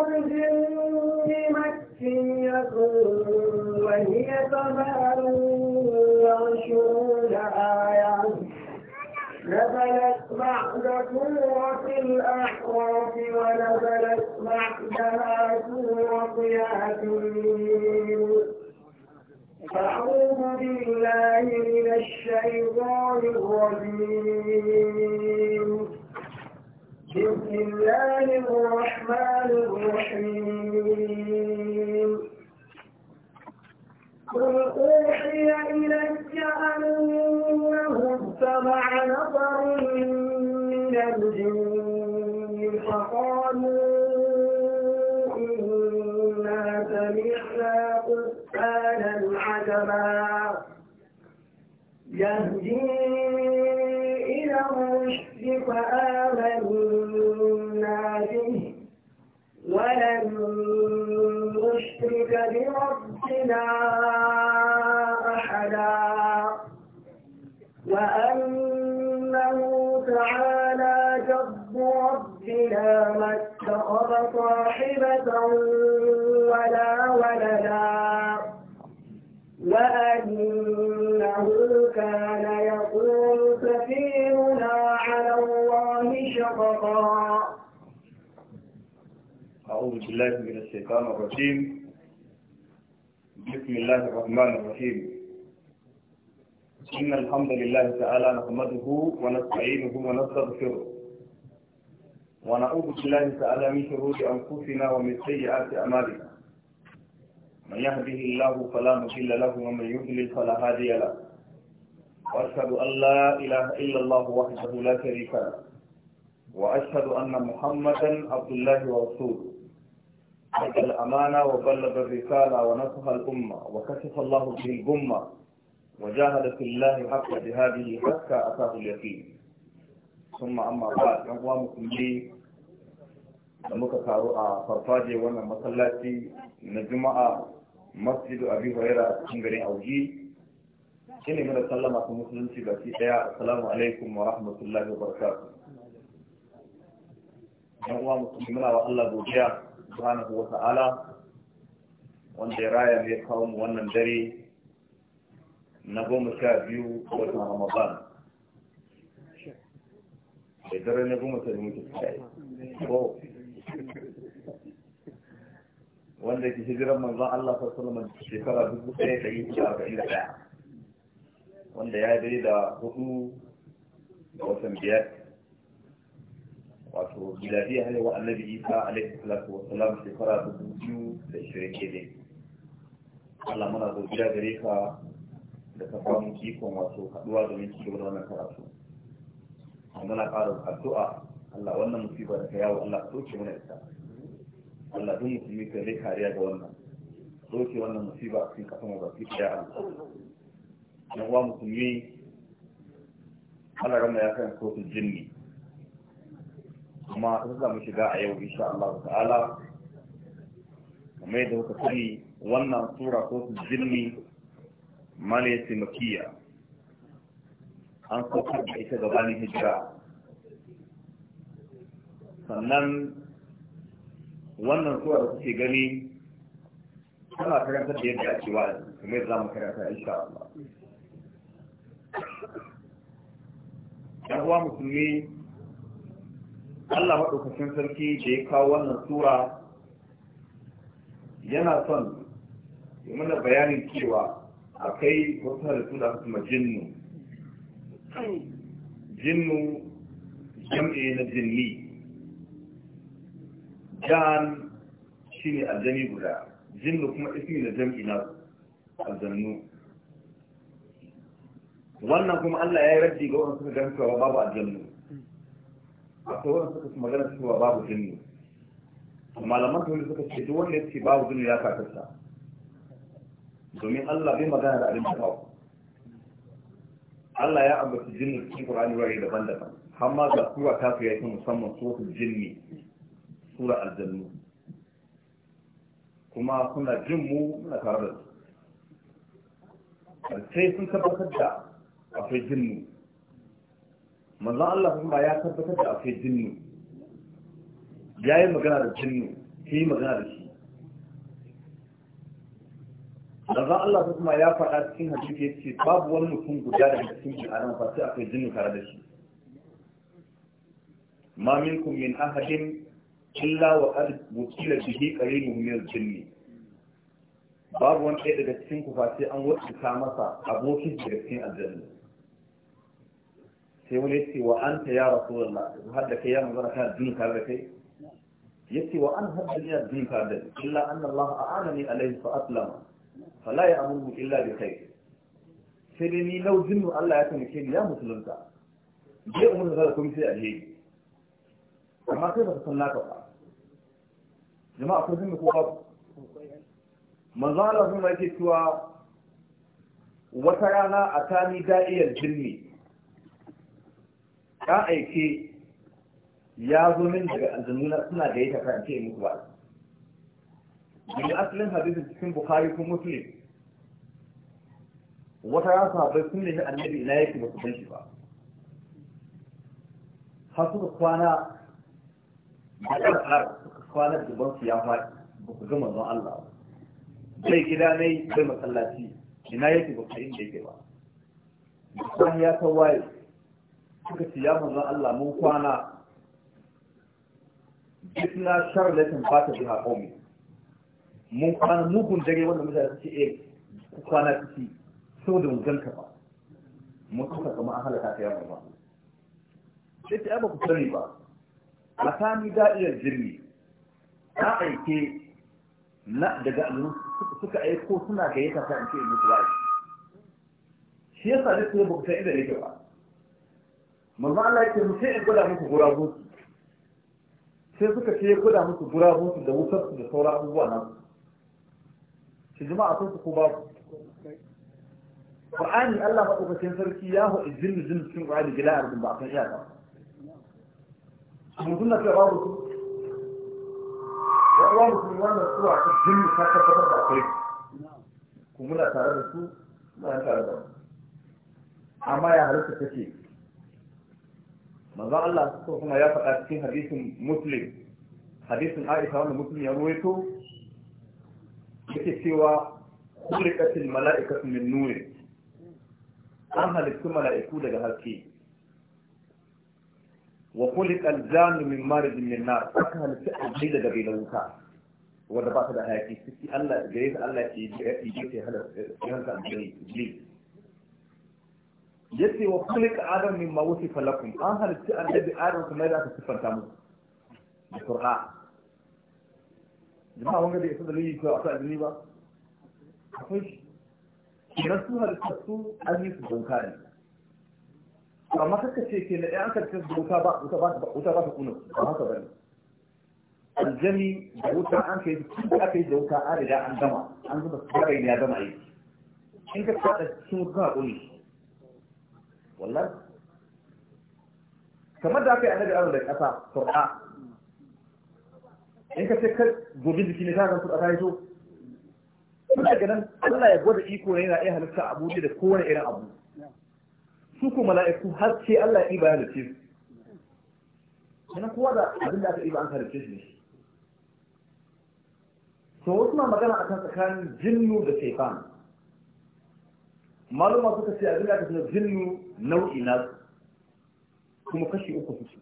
الجن مكي وهي سبع وعشرون آية نزلت بعد سورة الأحراف ونزلت بعدها سورة ياسين أعوذ بالله من الشيطان الرجيم بسم الله الرحمن الرحيم قل أوحي إلي أنه اتبع نظر من الجن فقالوا إنا سمعنا قرآنا عجبا يهدي إلى الرشد فآمنوا يشرك بربنا أحدا وأنه تعالى جد ربنا ما اتخذ صاحبة ولا ولدا وأنه كان يقول سفيرنا على الله شططا أعوذ بالله من الشيطان الرجيم بسم الله الرحمن الرحيم إن الحمد لله تعالى نحمده ونستعينه ونستغفره ونعوذ بالله تعالى من شرور أنفسنا ومن سيئات أعمالنا من يهده الله فلا مضل له ومن يضلل فلا هادي له وأشهد أن لا إله إلا الله وحده لا شريك له وأشهد أن محمدا عبد الله ورسوله أدى الأمانة وبلغ الرسالة ونصح الأمة وكشف الله في الأمة وجاهد في الله حق جهاده حتى أتاه اليقين ثم أما بعد أقوام مسلمين لما كتاروا فرفاجي وانا مسلاتي من الجمعة مسجد أبي هريرة كنغري أوجي إني من السلامة المسلمة بأسيطة السلام عليكم ورحمة الله وبركاته أقوام مسلمين وألا بوجيه subhanahu wa ta'ala wanda ya raya mai kawo mu wannan dare na goma sha biyu watan ramadan da dare na goma sha biyu ko wanda ke hijiran manzon Allah sallallahu alaihi shekara dubu ɗaya da yi arba'in da ɗaya wanda ya dai da hudu da watan biyar wato miladiya wa annabi isa alaihi salatu wa salam shekara dubu biyu da ishirin kele allah muna zo gida gare ka da ka samu ikon wato haɗuwa domin ci gaba da wannan karatu muna ƙara addu'a allah wannan musiba da ka yawo allah soke mana ita allah duk musulmi ka zai kariya ga wannan soke wannan musiba a cikin kasan wa baki ya allah yan uwa musulmi Allah ya kan su jinni kuma sun samu shiga a yau insha Allah ta'ala kamar yadda kuka sani wannan sura ko su jinni ya makiya an saukar da ita gabanin hijira sannan wannan sura da kuke gani tana karanta da yadda ake wa kamar yadda za mu karanta insha Allah. ‘Yan uwa musulmi Allah maɗaukacin sarki da ya kawo wannan sura yana son ya mana bayanin cewa akwai wasu halittu da kuma jinnu jinnu jam'i na jinni jan shi ne aljani guda jinnu kuma ismi na jam'i na aljannu wannan kuma Allah ya yi rajji ga wani suka gan cewa babu aljannu akwai wanda suka su magana cewa babu jinnu malaman tauri suka ce duk wanda ya ce babu jinnu ya kafirta domin Allah bai magana da abin da babu Allah ya ambaci jinnu cikin Qur'ani wurare daban-daban har ma ga sura ta fiye ta musamman suratul jinni sura aljannu kuma suna jin mu muna tare da su sai sun tabbatar da akwai jinnu manzan Allah kuma ya tabbatar da akwai jinnu ya yi magana da jinnu ta yi magana da shi manzan Allah kuma ya faɗa cikin hadisi ya ce babu wani mutum guda da cikin jiharan ba akwai jinnu tare da shi ma minkum min ahadin illa wa qad wukila da qarinuhu min al-jinni babu wani ɗaya daga cikin ku fa sai an wuce masa abokin daga cikin aljanna sai wani yace wa anta ya rasulullah har da kai ya manzara kana dini tare da kai yace wa an hadda ina dini tare da kai illa annallahu allah a'anani alaihi fa aslama fala ya'muru illa bi khair sai dai ni lau jinnu allah ya taimake ni ya musulunta bai umar da kuma sai alheri amma sai ba ka san ka ba jama'a kun san ko babu manzo Allah sun yake cewa wata rana a tani da'iyar jinni ya aike ya zo min daga aljanuna suna da ya tafi ce muku ba daga asalin hadisin cikin bukari ko muslim wata ya sahabbai sun nemi annabi ina yake ba su san shi ba har suka kwana da ƙarƙar suka kwana da ban ya faɗi ba ku gama manzon Allah bai gida ne bai masallaci ina yake ba ku inda yake ba Bukhari ya kawai suka ce ya manzo Allah mun kwana jitna sharlatin fata biha qaumi mun kwana mugun dare wanda mutane suke eh ku kwana ciki saboda mun ganka ba mun kuka kuma an halaka ta yawa ba sai ta ba ku sani ba makami da'iyar jirgi ta aike na daga suka aiko suna gayyata ta in ce in musu ba shi yasa ne su ba ku san inda yake ba manzo Allah ya ce mu sai in gwada musu gurabun sai suka ce ya gwada musu gurabun da wutar su da sauran abubuwa na su shi jama'a sun su ko babu Qur'ani Allah madaukakin sarki ya hu izinu jin cikin Qur'ani gila arbin ba kan iyaka mun sunna ce babu su ya Allah mun wannan suwa ta jin ta tabbatar da kai ku muna tare da su ba tare da amma ya halitta take manzo Allah so kuma ya faɗa cikin hadisin muslim hadisin aisha wanda muslim ya ruwaito yake cewa kulikatil mala'ikatu min nuri an halittu mala'iku daga haske wa kulikal jannu min marid min nar aka halittu alji daga bai wuta wanda ba ta da hayaki ciki Allah da yasa Allah ke yi ya halatta alji yace wa kulika adam min ma wasifa lakum an halitta annabi adam kuma da aka sifanta muku da qur'a jama'a wanga da isa dalili ko asa dalili ba akwai kiran su halitta su an yi su doka ne amma kaka ce ke na ɗan aka ce doka ba wuta ba ta kuna ba haka ba ne aljami da wuta an kai da aka yi da wuta an riga an gama an zuba su ya gama yi in ka kaɗa cikin wuta a ƙuni wallahi kamar da aka yi annabi allah da ƙasa turɗa in ka ce kar gobe jiki ne ta zan turɗa ta hito kuma daga nan Allah ya gwada iko ne yana iya halitta abu da kowane irin abu su ko mala'iku har ce Allah ya iya ya halitta su sannan kowa da abin da aka iya an halitta shi ne to wasu na magana akan tsakanin jinnu da shaitan maluma suka ce abin da aka suna zillu nau'i na kuma kashi uku su ce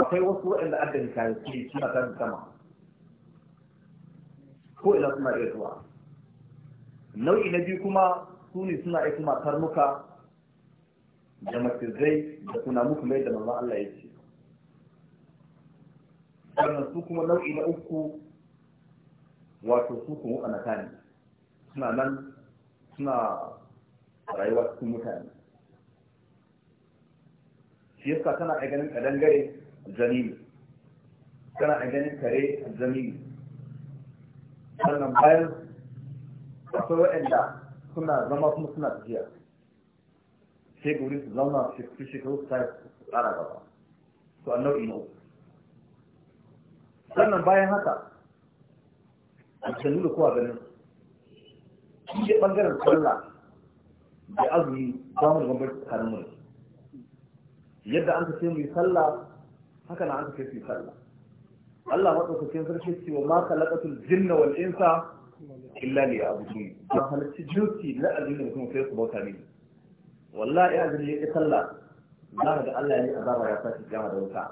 akwai wasu waɗanda aka yi kayan su suna tafi sama ko ina suna iya zuwa nau'i na biyu kuma su ne suna iya kuma karnuka da macizai da suna muku mai da manzon Allah ya ce sannan su kuma nau'i na uku wato su kuma ana tani suna nan suna rayuwa cikin mutane shi yasa kana a ganin kadangare zanini kana a ganin kare zanini sannan bayan akwai waɗanda suna zama kuma suna tafiya sai guri su zauna su shekaru su tare su tsara gaba to a nau'i nau'i sannan bayan haka a da kowa ganin shi ne bangaren sallah da azumi ba mu da bambanci tsakanin yadda an kace mu yi sallah haka na an kace su yi sallah Allah madaukakin sarki ce wa ma khalaqatul jinna wal insa illa liya'budun ba halitta jinsi na aljinna mutum sai su bauta ne wallahi ya ƙi sallah za ka ga Allah ya yi azaba ya sashi jama da wuta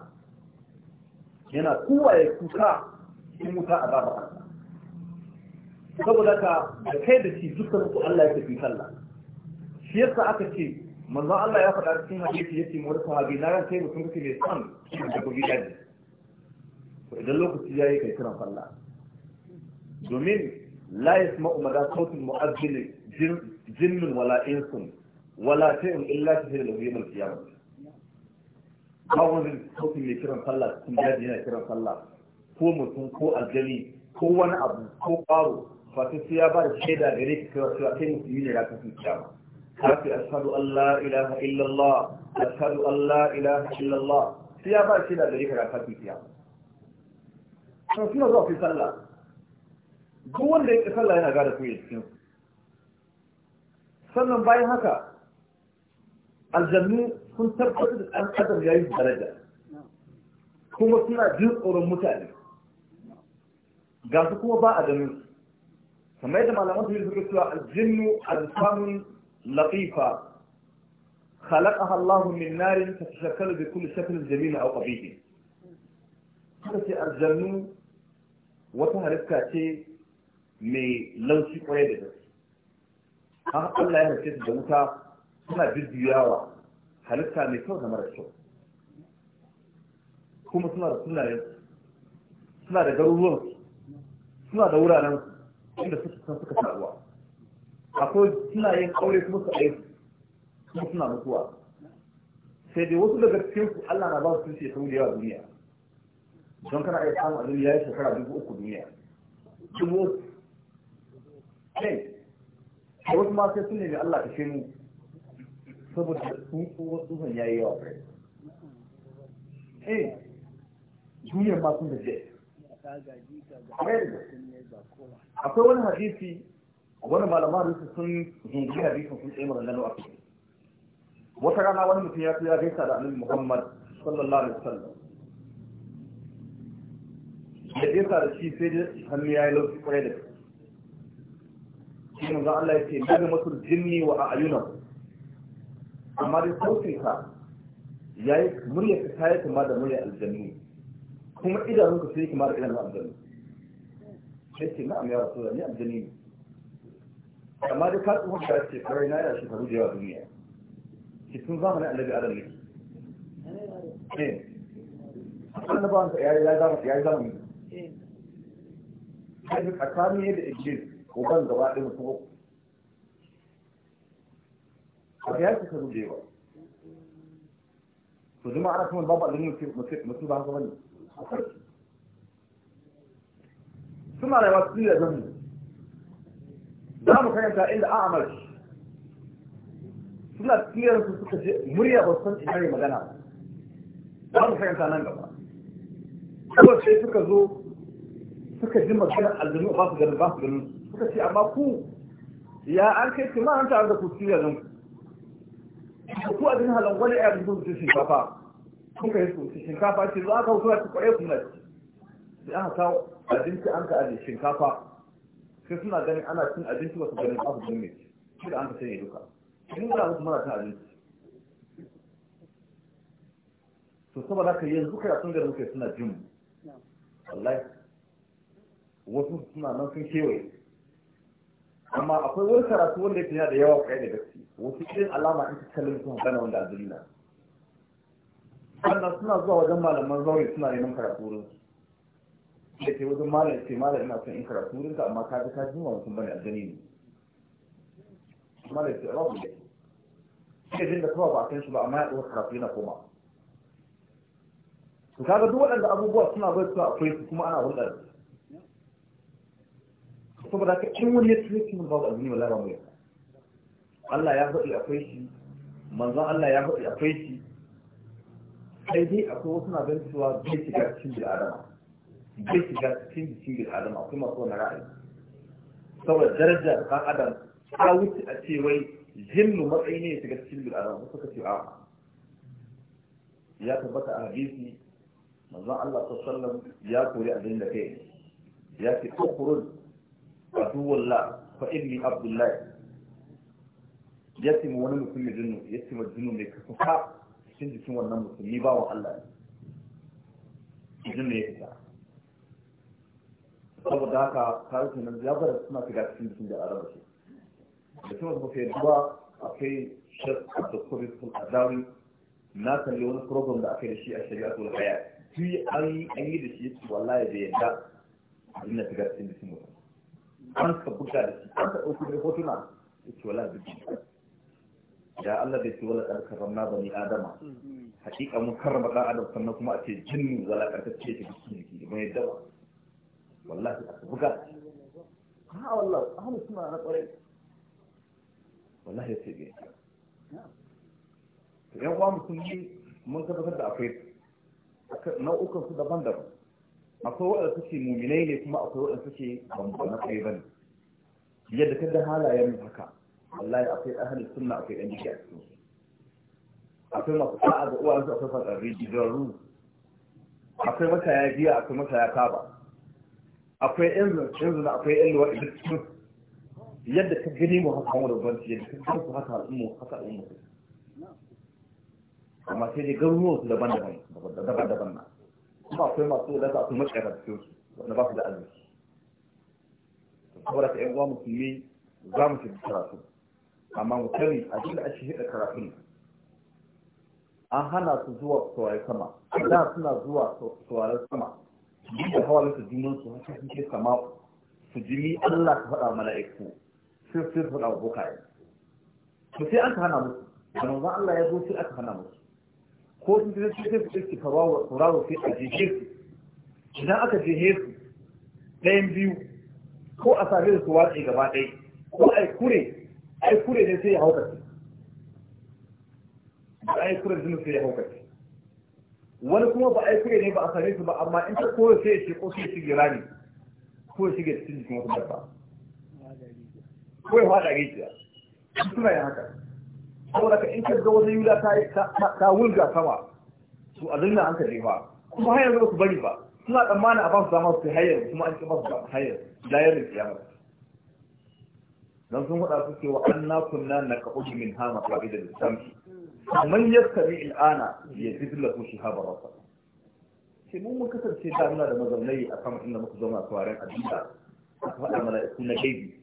yana kowa ya kuka in wuta azaba Allah saboda ka da kai da shi dukkan ku Allah ya tafi sallah shi yasa aka ce manzon Allah ya faɗa cikin hadisi yace mu wani sahabi na ran sai mutum kake mai son da ku gida ne to idan lokaci yayi kai kiran sallah domin la yasma'u sautin sautul mu'azzin jinnun wala insun wala shay'un illa tahil lahu yawm al-qiyamah ba wani sautin mai kiran sallah cikin daji yana kiran sallah ko mutum ko aljani ko wani abu ko ƙwaro wato su ya ba da shaida gare ka cewa kai musulmi ne zaka fi kiyama kafi ashhadu an la ilaha illallah ashhadu an la ilaha illallah Su ya ba da shaida gare ka zaka fi kiyama to suna zuwa fi sallah duk wanda ya ƙi sallah yana gada kuyi cikin sannan bayan haka aljannu sun tabbatar da ɗan adam ya yi daraja kuma suna jin tsoron mutane ga su kuma ba a ganin kamar yadda malaman tafsir suka cewa aljinnu alfamun latifa خلقها الله من نار تتشكل بكل شكل جميل أو قبيح haka ce aljannu wata halitta ce mai laushi kwaye da gaske an Allah ya halitta da wuta suna jujjuyawa halitta mai kyau da mara kyau kuma suna da sunayen suna da garuruwan suna da wuraren inda suka san suka saruwa akwai suna yin aure kuma su aiki kuma suna mutuwa sai dai wasu daga cikin su Allah na ba su sau da yawa duniya don kana iya samun a duniya ya shekara dubu uku duniya dubu kai a wasu ma sai sun nemi Allah ta shi mu saboda sun tsohon tsohon ya yi yawa kai eh duniyar ma sun da jiya akwai wani hadisi a wani malaman hadisi sun zungi hadisin sun tsaye maganganu a kai wata rana wani mutum ya fi ya gaisa da annabi muhammad sallallahu alaihi wasallam da gaisa da shi sai hannu ya yi lauki kwarai da shi manzo Allah ya ce daga masul jinni wa a ayuna amma dai sautin ka yayi murya ta yi kuma da murya aljannu kuma idanunka sai kuma da idanun aljanna sai ce na'am ya rasu da ni aljanni ne amma da ka tsohon da ce kawai na yana shekaru da yawa duniya ke sun zamanin annabi adam ne ne annabawan ya ya zama ya zama ne kai tsakani ne da iblis uban gaba ɗaya mutum uku a ya shekaru da yawa to jama'a ana kuma babu aljanni mutum ba haka bane suna rayuwa su da zan za mu karanta inda an amar suna tiyar su suka ce murya ba san ina ne magana za mu karanta nan gaba Kuma sai suka zo suka ji maganar aljanu ba su ganin ba su ganin suka ce amma ku ya an kai su ma an tare da ku tiyar nan ku a jin halin wani ya zuwa su shi fafa kuka yi su shinkafa ce za ka wuce ta kwaye kuma ci sai aka kawo abinci an ka aje shinkafa sai suna ganin ana cin abinci wasu ganin ba su ganin shi da an ka sanya duka mun ga musu mara cin abinci to saboda ka yanzu kai sun gari muke suna jin wallahi wasu suna nan sun kewaye amma akwai wani karatu wanda ya yana da yawa kwaye da gaske wasu irin alama in ka kallon sun gana wanda a na wanda suna zuwa wajen malaman zaure suna neman karatu wurin su da ke wajen malam ce malam ina son in karatu wurin amma ka ji ka ji wani sun bane aljani ne malam ce rabu ne sai jin da kawai ba a kan shi ba amma ya ɗaukar karatu yana koma to kaga duk waɗanda abubuwa suna bai suna akwai su kuma ana hulɗar saboda ka in wani ya tsaye cikin babu aljani wala ba mu Allah ya faɗi akwai shi manzon Allah ya faɗi akwai shi sai dai akwai wasu na ganin cewa bai shiga cikin bil adama zai shiga cikin jikin bil adama akwai masu wani ra'ayi saboda darajar ɗan adam ta wuce a ce wai jinnu matsayi ne ya shiga cikin bil adama suka ce a'a ya tabbata a hadisi manzon Allah sallallahu ya kori abin da kai ya ce ukhruj aduwallah fa inni abdullahi ya ce wani mutum ya jinnu ya ce ma jinnu mai kafa cikin jikin wannan musulmi ba wa Allah ne idan ne ya fita saboda haka tarihi nan ya bar suna shiga cikin jikin da araba ce da kuma ba sai duwa akwai shek da kuri sun adawi na kalli wani program da aka yi da shi a shari'a tul haya shi an yi da shi wallahi bai yadda abin da shiga cikin jikin mutum an ka buga da shi an ka ɗauki da hotuna ya ce wallahi bai da Allah bai ce wala karkarram na bani adama hakika mun karrama dan adam sannan kuma a ce jinni wala karkacce ta bisu ne ban yadda ba wallahi aka buga ha wallahi ahlu sunna na kwarai wallahi ya ce bai to yan uwa musulmi mun tabbatar da akwai nau'ukan su daban-daban akwai waɗanda suke muminai ne kuma akwai waɗanda suke bambam na kai bane yadda ka da halayen haka wallahi akwai ahalin sunna akwai yan jiki a cikin akwai masu sa'a da uwa su akwai fasarri ruwa. akwai ya biya akwai ya kaba akwai yan zuna akwai yan luwa idan cikin yadda ka gani mu haka mu rubanci yadda ka gani su haka al'ummu haka al'ummu amma sai dai garuruwan su daban-daban daban-daban na kuma akwai masu wadata akwai matsayar da su wanda ba su da arziki saboda ta yan uwa musulmi za mu shiga karatu amma mu a abinda ake hida karatun an hana su zuwa saurari sama da suna zuwa saurari sama duk da hawa su junan su haka suke sama su jini Allah ka faɗa mana iku sai su faɗa bokaye to sai aka hana musu da manzon Allah ya zo sai aka hana musu ko sun ji sai su ɗauki sauraro sai a jehe su idan aka jehe su ɗayan biyu ko a da su wace gaba ɗaya ko a yi kure ai kure ne sai ya haukace ba ai kure ne sai ya ce wani kuma ba ai kure ne ba a same su ba amma in ta kore sai ya ce ko sai shige rani ko ya shige cikin jikin wata dabba ko ya fada rijiya suna yin haka saboda ka in ka ga wata yula ta wulga sama su a dinna an ka ba kuma har yanzu su bari ba suna tsammanin a ba su dama su hayar kuma an ci ba su hayar da yadda kiyama don sun faɗa suke wa an na kunna na min hama fa'ida da samki man ya sami il'ana ya ji dilla ko shi sai mun mun kasance da muna da mazaunai a kan inda muka zauna a tsawarin addu'a aka faɗa mala'iku na gaibi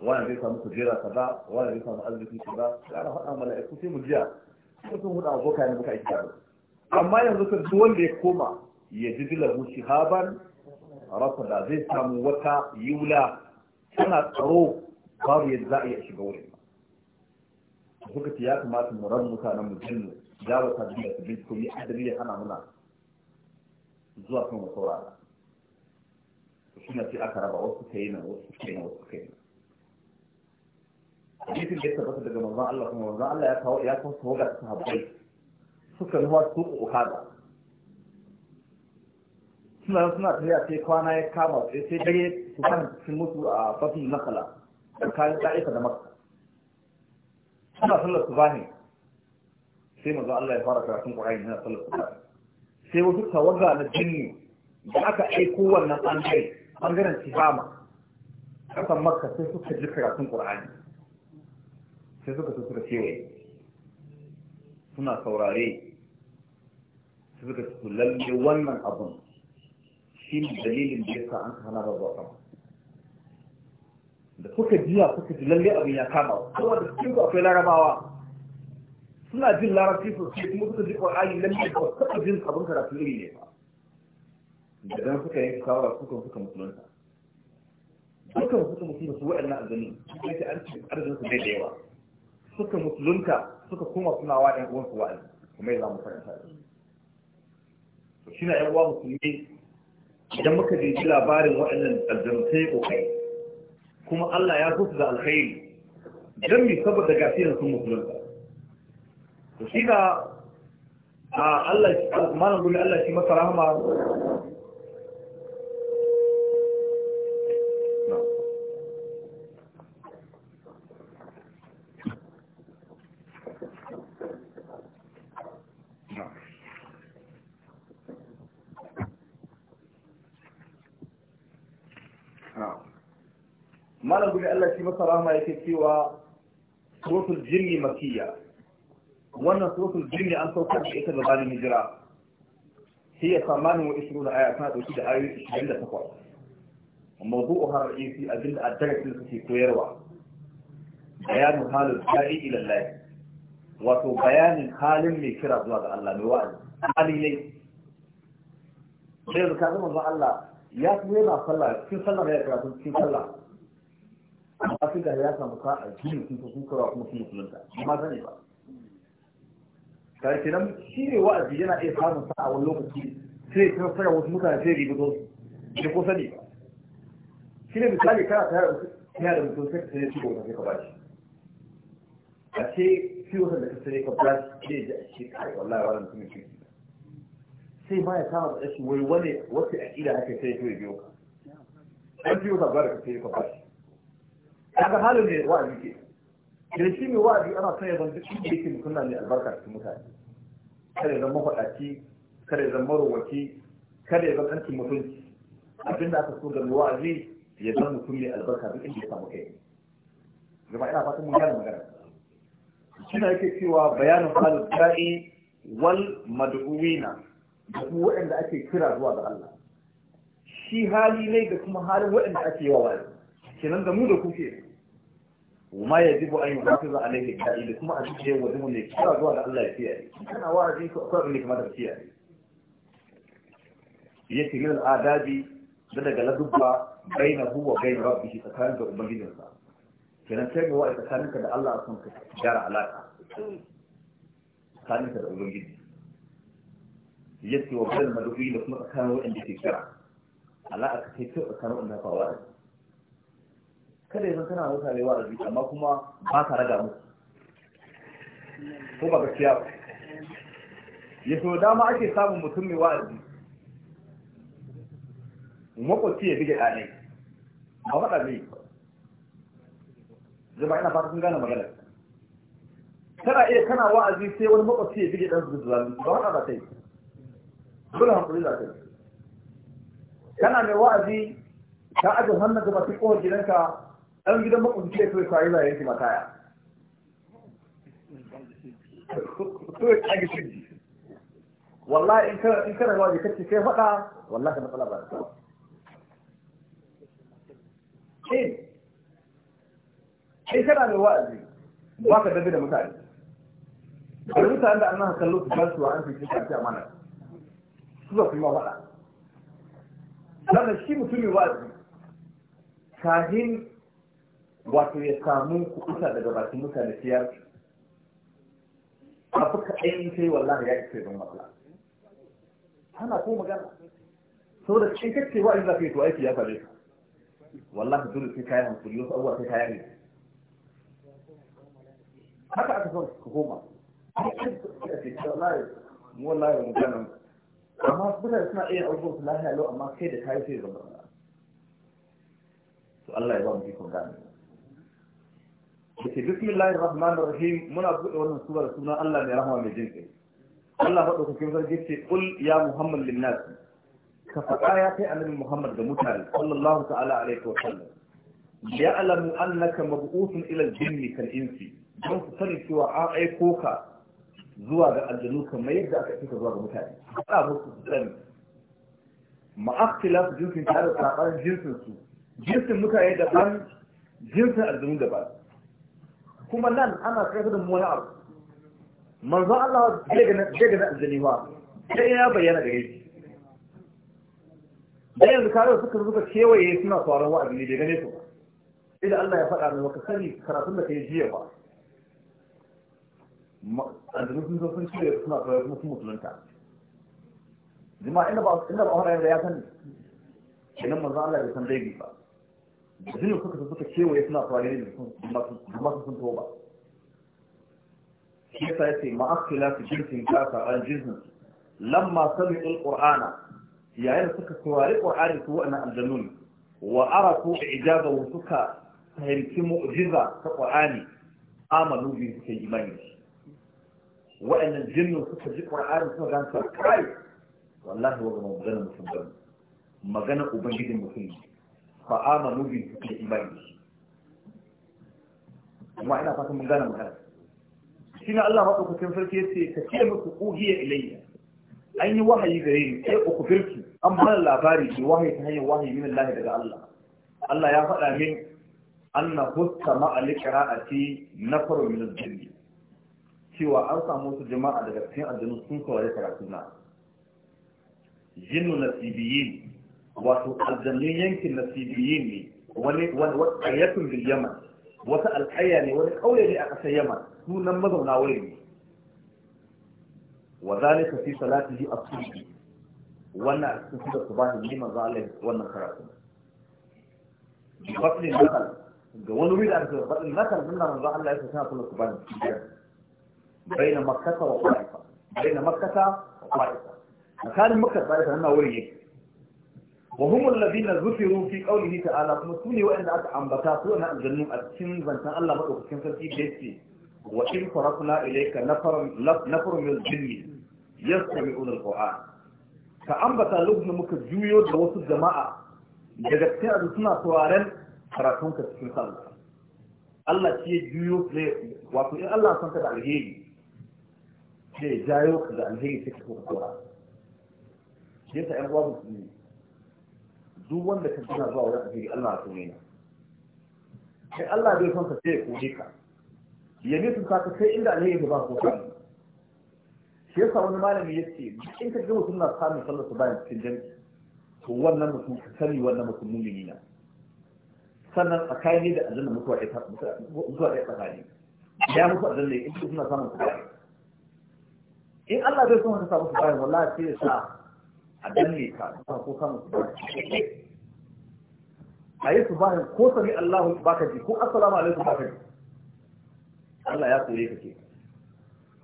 wani zai samu kujera kaza wani zai samu arziki kaza Ya na faɗa mala'iku sai mu jiya sai sun faɗa abokai na muka aiki tare amma yanzu kan duk wanda ya koma ya ji dilla ko shi haban rasa da zai samu wata yula tana tsaro babu yadda za a yi a shiga wurin ba suka ce ya kamata mu rabu mutanen mu jinnu ya wata biya su binciko ni adali ya hana muna zuwa kan wasu rana suna ce aka raba wasu suka yi nan wasu suka yi nan wasu suka yi nan hadisin da ya tabbata daga manzon Allah kuma manzon Allah ya kawo ya kawo tawaga ta sahabbai suka nuwa su uhada suna suna tafiya sai kwana ya kama sai dare su kan sun mutu a fafi makala da kayan ɗa'ika da maka suna sallar su ba ne sai manzo Allah ya fara karatun Qur'ani yana sallar su ba sai wasu tawaga na jinni da aka aiko wannan ɓangare ɓangaren Tihama kasan Makka sai suka ji karatun Qur'ani sai suka suka kewaye suna saurare suka su lalle wannan abun shi dalilin da yasa an hana rabuwa sama da kuka jiya kuka ji lalle abin ya kama da cikin ku akwai larabawa suna jin larabci sosai kuma suka ji ƙwa'ayi lalle ba suka jin abin karatu iri ne ba da dan suka yi kawara suka suka musulunta suka suka musulunta su wa'annan suka sai an arki arzikin su daidai yawa suka musulunta suka kuma suna wa ɗan uwansu wa'azi kuma ya zamu karanta shi na ƴan uwa musulmi idan muka ji labarin waɗannan aljanu sai ƙoƙari kuma Allah ya so su da alkhairi don mi saboda gasirin sun musulunta to shi da a Allah malam gumi Allah shi masa rahama masa rahama yake cewa suratul jinni makiyya wannan suratul jinni an sauka da ita gabanin hijira hiya samanin wa ishirin aya tana dauki da ayoyi ishirin da takwas mawdu'u har ra'isi abinda addarasin sun suke koyarwa bayanin halin da'i ila Allah wato bayanin halin mai kira zuwa ga Allah mai wa'azi hali ne sai da kaga manzo Allah ya kuma yana sallah cikin sallah ne ya karatu cikin sallah amma sai ga ya samu sa'a biyu sun ta sukara kuma sun musulunta amma zane ba kare ke nan shi ne wa'azi yana iya samun sa'a wani lokaci sai ta fara wasu mutane sai ribi zo da ko sani ba shi ne misali kana tare da ya da mutum sai ka sanya shi gobe sai ka bashi a ce shi wasan da ka sanya ka bashi ne da shi kai wallahi wannan mutumin shi sai ma ya kama da shi wai wani wata aƙida haka sai ya biyo ka an biyo ka ba da ka sai ka bashi kaga halin ne wa'azi ke da shi mai wa'azi ana son ya zanzu shi yake mutum na mai albarka cikin mutane kada ya zama faɗaci kada ya zama rowaci kada ya zama ɗanci mutunci da aka so da mai wa'azi ya zama mutum mai albarka duk inda ya samu kai gaba ina fatan mun gane magana suna yake cewa bayanin halin da'i wal mad'uwina da kuma waɗanda ake kira zuwa ga Allah shi hali ne da kuma halin waɗanda ake yawa wa'azi kenan da mu da kuke وما يجب أن يحافظ عليه الداعي لكما أجيب وزمه da كتاب هذا الله يسيئني أنا واعدين أقرأ منك ماذا يسيئني يأتي من الآداب بدأ لدبا بينه وبين ربه تكالب أبنجد الله kenan sai ga wa'ita tsakanin da Allah sun ka gyara alaƙa tsakanin da ubangiji wa bayan madubi da kuma tsakanin wa'anda ke kira alaƙa ka kai kyau tsakanin wa'anda ka kada yanzu kana mutane wa'azi amma kuma ba ka raga musu ko ba ka ba ya so dama ake samun mutum mai wa'azi makwabci ya bige ɗanai ba faɗa mai zama ina fata sun gane magana kana iya kana wa'azi sai wani makwabci ya bige ɗansu da zalunci ba faɗa ba sai dole hankali za ta kana mai wa'azi ka ajiye hannun zama cikin kowar gidanka ɗan gidan makwabci ya kawai kwaye zai yanki makaya so ya kage shi wallahi in kana in kana waje kace kai faɗa wallahi matsala ba ta eh ka kana da wa'azi ba ka dabe da mutane Bari mutane da Allah kallo su ba su wa an fi ta amana su ba su yi ma faɗa sannan shi mutumin wa'azi kahin wato ya samu kukuta daga bakin mutane siyar A ka ainihin sai wallahi ya isa don matsala Tana ko magana saboda cikin kacce wa in za ka yi to aiki ya fare ka wallahi dole sai kayan hankali wasu abubuwa sai kayan ne haka aka son ka koma mu wallahi mu kana amma mutane suna iya abubuwan su lahiya lau amma kai da kayan sai zama to Allah ya ba mu ikon gane yake bismillahir rahmanir rahim muna buɗe wannan sura da sunan Allah mai rahama mai jinƙai Allah madaukakin sarki ce kul ya muhammad linnas ka faɗa ya kai annabi muhammad da mutane sallallahu ta'ala alaihi wa sallam ya'lamu annaka mab'uthun ila al-jinni kal insi don su sani cewa an aiko ka zuwa ga aljanu kamar yadda aka aiko zuwa ga mutane faɗa musu su sani ma'akhtilaf jinsin tare da sabanin jinsin su jinsin mutane daban jinsin aljanu daban kuma nan ana kai gudun mu ya abu manzo Allah zai ga zai ga azzaniwa sai ya bayyana gare shi da yanzu kare suka zuba kewaye suna tsoron wa'azi ne bai gane su ba idan Allah ya faɗa mai baka sani karatun da kai jiya ba aljanu sun zo sun cire suna tsoron kuma sun musulunta jima'a inda ba inda ba ya sani kenan manzo Allah bai san zai ba zinin suka su suka kewaye suna fare ne masu sun toba shi yasa yace ma'akila su jinsin kasa a jinsin lamma sami alqur'ana yayin suka saurari qur'ani su wa'annan aljannun wa araku ijaba wa suka fahimci mu'jiza ta qur'ani amanu bi suka imani wa'annan jinnin suka ji qur'ani suka ganta kai wallahi wa maganar mutum magana ubangijin mutum ne fa amanu bi da imani amma ina fatan mun gane magana shi na Allah maɗaukakin sarki yace ka ce musu uhiya ilayya an yi wahayi gare ni sai uku firki an bani labari ne wahayi ta hanyar wahayi min Allah daga Allah Allah ya faɗa min anna hutta ma alqira'ati nafaru min al-jinn cewa an samu su jama'a daga cikin aljanu sun saurari karatu na jinnu nasibiyin wato aljannun yankin nasibiyin ne wani ƙaryatun bil yaman wata alƙayya ne wani ƙauye ne a ƙasar yaman sunan mazauna wurin ne wa zalika fi salatihi as-subhi wannan a cikin sura subahi ni manzo Allah wannan karatu fasalin nakal ga wani wuri da aka ce fasalin nakal nan da manzo Allah ya ce tana sura subahi baina makkata wa qaifa baina makkata wa qaifa makanin makkata da nan wurin yake wa humul ladina zufiru fi qawlihi ta'ala kuma sune waɗanda aka ambata su na aljannu a cikin zantan Allah madaukakin sarki da yake wa in farafna ilayka nafarun nafarun min jinni yastami'una alquran ka ambata lokacin muka juyo da wasu jama'a daga cikin azu suna sauraren karatun ka cikin sallah Allah shi ya juyo ne wato in Allah san ka da alheri sai ya jayo ka da alheri sai ka kora yasa ƴan uwa musulmi duk wanda ka tana zuwa wajen alheri Allah ya tsone na sai Allah bai son ka sai ya koje ka ya ne sun saka sai inda alheri ka ba ko ka shi yasa wani malami ya ce duk in ka ga mutum na samun sallar su bayan cikin jami'i to wannan mutum ka sani wannan mutum mumini na sannan a kai ne da aljanna mutuwa ɗaya tsakani ya mutu aljanna in suna samun su bayan in Allah bai son ka samu su bayan wallahi sai ya sa a danne ka ko samun su bayan a yi su bahin ko sami Allahu baka ji ko assalamu alaikum baka ji Allah ya kore ka ke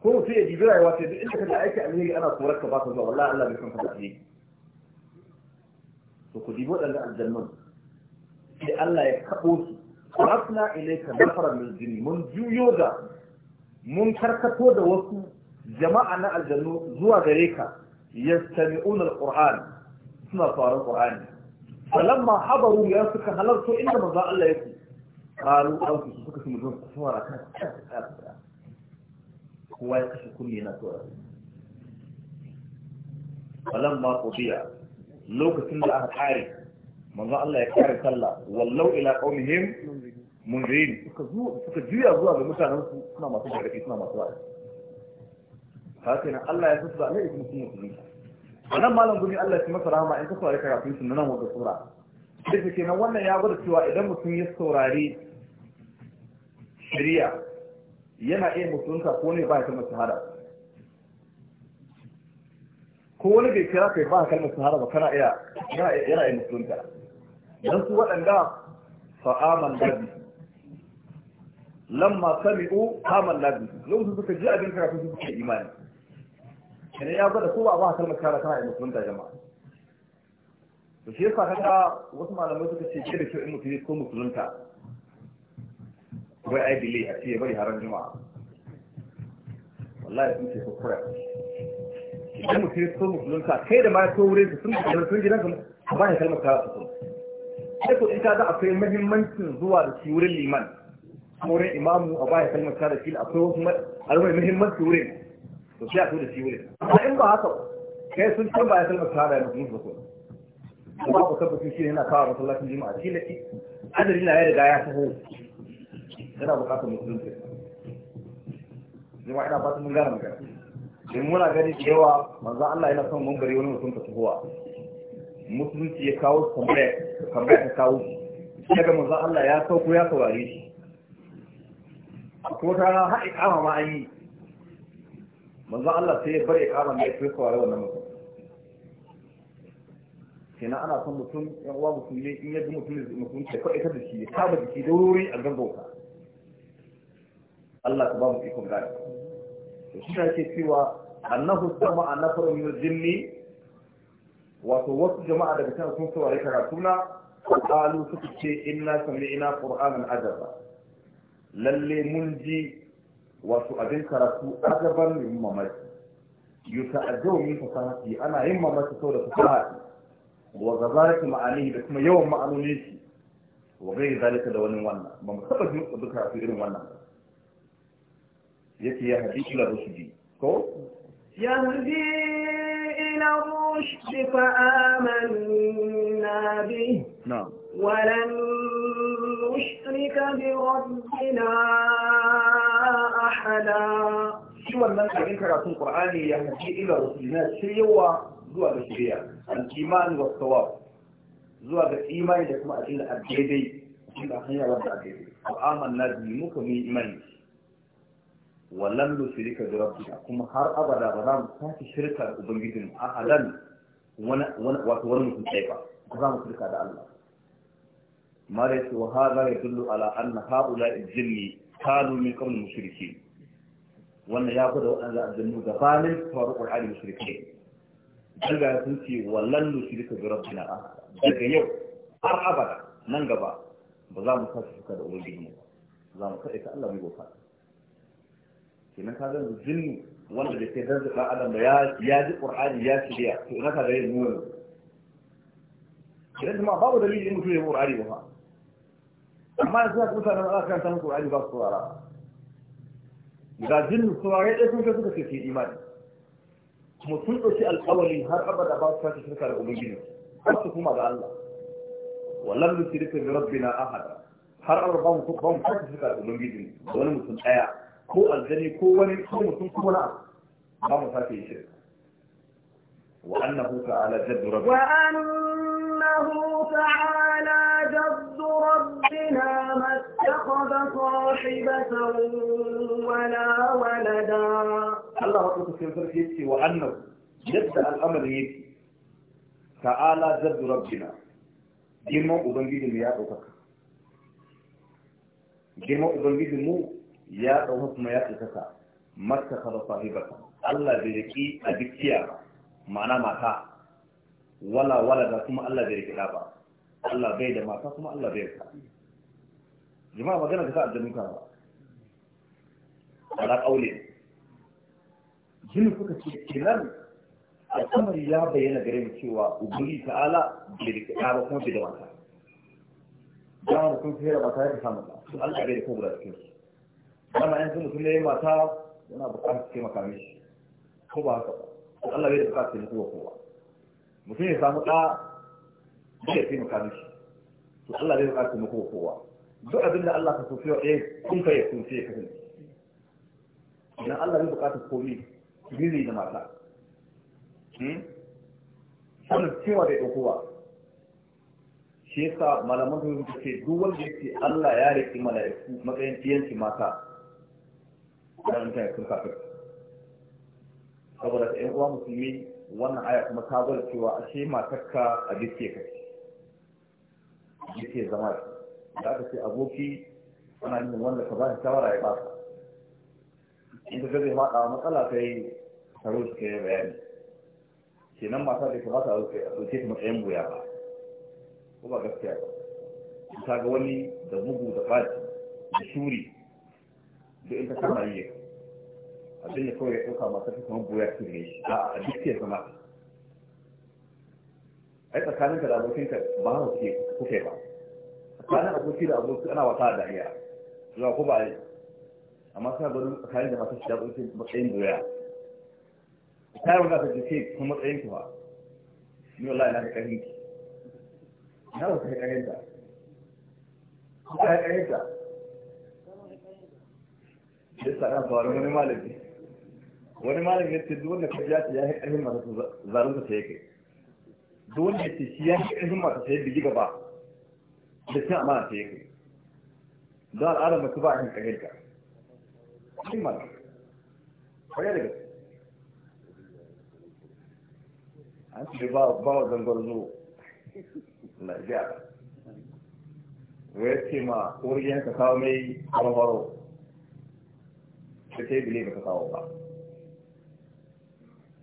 ko mutum ya jibi rayuwa sai duk inda ka da aiki alheri ana korar ka baka zuwa wallahi Allah bai san ka da alheri to ku dibo dan aljannan sai Allah ya kabo su qarafna ilayka nafaran min jini mun juyo da mun karkato da wasu jama'a na aljannu zuwa gare ka yastami'una alquran suna sauraron qur'ani فلما حضروا يا سكة هلرتوا إنما ذا الله يكون قالوا أو في سكة مجنون كفارة كانت هو يكشف كل ناتو فلما قضيع لو كسند أهل حارب من ذا الله يكون صلى ولو إلى قومهم منذرين فكذو يزوى بمشان نفسه سنة ما تجعل فيه سنة ما تجعل فاتنا الله يسوى لا يكون سنة wannan malam gumi Allah ya masa rahama in ka saurari karatun sun nan wata sura duk da kenan wannan ya gwada cewa idan mutum ya saurari shari'a yana iya musulunta ko ne ba ya kalmar shahada ko wani bai kira kai ba kalmar shahada ba kana iya yana iya musulunta dan su waɗanda fa'aman Ladi, lamma sami'u haman Ladi, lokacin suka ji abin karatun su suke imani kenan ya gwada ko ba a ba kalmar shahada kana da musulunta jama'a to shi yasa kaga wasu malamai suka ce ke da kyau in mutum ko musulunta wai ai delay a ce ya bari haram juma'a wallahi sun ce ko kura idan mutum ko musulunta kai da ma ya to wurin su sun da sun gidanka A ya kalmar shahada su sai ko in ka ga akwai muhimmancin zuwa da shi wurin liman wurin imamu a ba ya kalmar shahada shi akwai wasu alwai muhimmancin wurin to sai a so da shi wurin amma in ba haka kai sun can ba ya salma sahaba ya mutum ba ko amma ku tabbata shi ne yana kawo masallacin juma'a shi da adadin na ya riga ya taho yana bukatar musulunci Juma'a ina fatan mun gane magana in muna gani da yawa manzo Allah yana son mambari wani mutum ka tuhuwa musulunci ya kawo tambaya tambaya ta kawo daga manzo Allah ya sauko ya saurare shi ko ta har ikama ma an yi manzon Allah sai ya bar kama da ya kwara wannan mutum kenan ana son mutum yan uwa mutum ne in yadda mutum ne mutum ya kwaita da shi ya kama jiki da wuri a gaggauta Allah ta ba mu ikon gani to shi ta ke cewa annahu sama annafarun min jinni wato wasu jama'a daga can sun saurari karatuna qalu suka ce inna sami'na qur'anan ajaba lalle mun ji wato abin karatu gaban yin mamaki yusa ajawa min fasahati ana yin mamaki sau da fasahati wa gazarati ma'ani da kuma yawan ma'anoni shi wa gairi zalika da wani wannan ba mu taba jin duka karatu irin wannan yake ya hadi ila bi, ko yahdi ila rushdi fa amanna bi na'am ولن نشرك بربنا ahada shi wannan abin karatun qur'ani ya haji ila rusulina yawa zuwa ga shirya al-iman wa thawab zuwa ga imani da kuma abin da daidai shi da hanya wadda daidai ko amanna bi muka mu imani wallan nusirika da rabbika kuma har abada ba za mu saki shirka da ubangijin ahadan wani wato wani mutum ɗaya ba za mu shirka da Allah مالك وهذا يدل على أن هؤلاء الجن كانوا من قبل المشركين وأن يأخذ أن الجن غفال فاروق العالي المشركين بل لا تنسي ولن نشرك بربنا أحدا بل يوم har abada nan gaba ba za mu kasa suka da ubangiji mu za mu kaɗai ta Allah mai gofa kenan ka zan jinnu wanda da ke zan zaɓa adam ya ya ji qur'ani ya shirya to ina ka babu ya amma da suka mutanen ana karanta musu Qur'ani ba su saurara ga jin saurare ɗaya sun kai suka ce imani kuma sun ɗauki alƙawari har abada ba su sake shirka da ubangiji har su kuma ga Allah wallan da shirka da rabbina ahada har abada ba mu ba mu sake shirka da ubangiji wani mutum ɗaya ko aljani ko wani ko mutum kuma na ba mu sake shirka wa annahu ta'ala jaddu rabbina wa annahu ta'ala ربنا ما اتخذ صاحبة ولا ولدا الله أقول في الفرق يبكي وأنه يبدأ الأمر يبكي تعالى جد ربنا girman ubangijinmu ya ɗaukaka girman ubangijinmu ya ɗaukaka kuma ya ɗaukaka mata kada Allah bai riki a dukiya ma'ana mata wala wala da kuma Allah bai riki ba Allah bai da mata kuma Allah bai ka jama'a magana ka sa aljanun ka ba ala kaule Jin kuka ce kenan al'amari ya bayyana gare mu cewa ubangiji ta'ala bai da ka ba kuma bai da mata dama mutum fiye da mata ya fi samun ba sun Allah bai da kogura cikin su dama yan sun mutum ne mata yana bukatar su taimaka mishi ko ba haka ba Allah bai da bukatar taimako wa kowa mutum ya samu ɗa duk ya taimaka miki to Allah zai buƙatar kuma kowa duk abin da Allah ka so fiye eh kun ka ya kun sai ka kasance idan Allah zai buƙatar komai gizi da mata sanin hmm? cewa bai ɗauko ba shi yasa malaman sun ce duk wanda yake Allah ya riƙi mala'iku matsayin ɗiyanci mata dan mutane sun kafir saboda ka ƴan uwa musulmi wannan aya kuma ta gwada cewa ce matarka a gaske kake yake zama da aka ce aboki ana yin wanda ka ba shawara ya ba ka in ka zai faɗa matsala yi taro shi yi bayani ba mata da ka ba ta a ɗauke ta matsayin buya ba ko ba gaskiya ba ta ga wani da bugu da ɓaci da shuri da in ta kama yi abin da kawai ya ɗauka masu ta kamar buya ta ne a duk ke zama ai tsakaninka da abokinka ba haka kuke ba ranar aboki da abuci ana wata da dariya zuwa ko ba yi amma suna barin kai da masu shiga tsoki matsayin doya ta yi wanda ta jike kuma matsayin ba ni wallahi na ka ƙarfi ki na wata ka ƙarfin ta ka kai ta ya sa ɗan faru wani malami wani malami ya ce duk wanda ka biya ta ya yi ƙarfin masu zarunta ta yake duk wanda ya ce shi ya yi ƙarfin masu ta ya bigi gaba da cin amana ta yi yake don al'adar mutu ba a yin ƙahirka cikin mana kwaye da gaske an ce ba wa zangar zo na jiya wai ce ma ƙoriyar ka kawo mai farfaro da ta yi bile ba ka kawo ba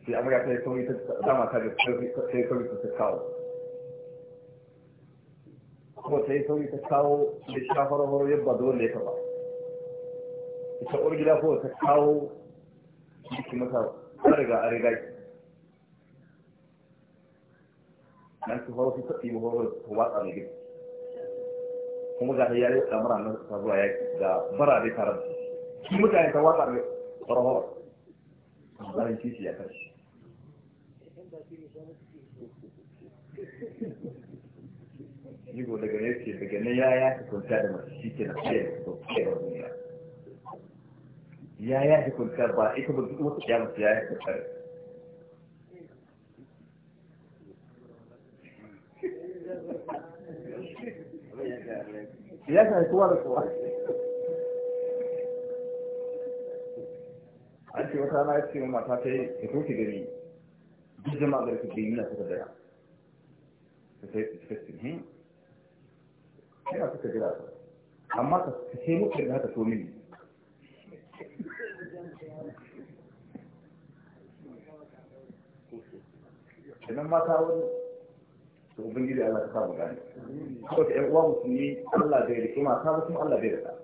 sai amurka ta yi sauri ta dama ta da ta yi sauri ta kawo ko ta yi sauri ta kawo da shafar horo yabba da wanda ya taba ita uwar gida ko ta kawo jiki masa ta riga a riga ki nan su horo su taɓi mu horo su watsa da gidi kuma ga ya yi ɗamara na ta zuwa yaki ga bara da taron shi mutane ta watsa da horo horo zanen kishi ya karshe jigo daga ne ce daga ne ya ya kwanta da mace shi ke na fiye da fiye duniya ya ya kwanta ba ita ba duk wata ya ya ya kwanta ya da kowa an ce wata ce mata ta yi ta toke gani duk jama'a da na daya ta sai ta hmm. ina suka jira su amma ka ce muku da haka so mini idan mata wani to ubangiji Allah ta samu gani ko ta ƴan uwa musulmi Allah bai da kuma ta kuma Allah bai da ta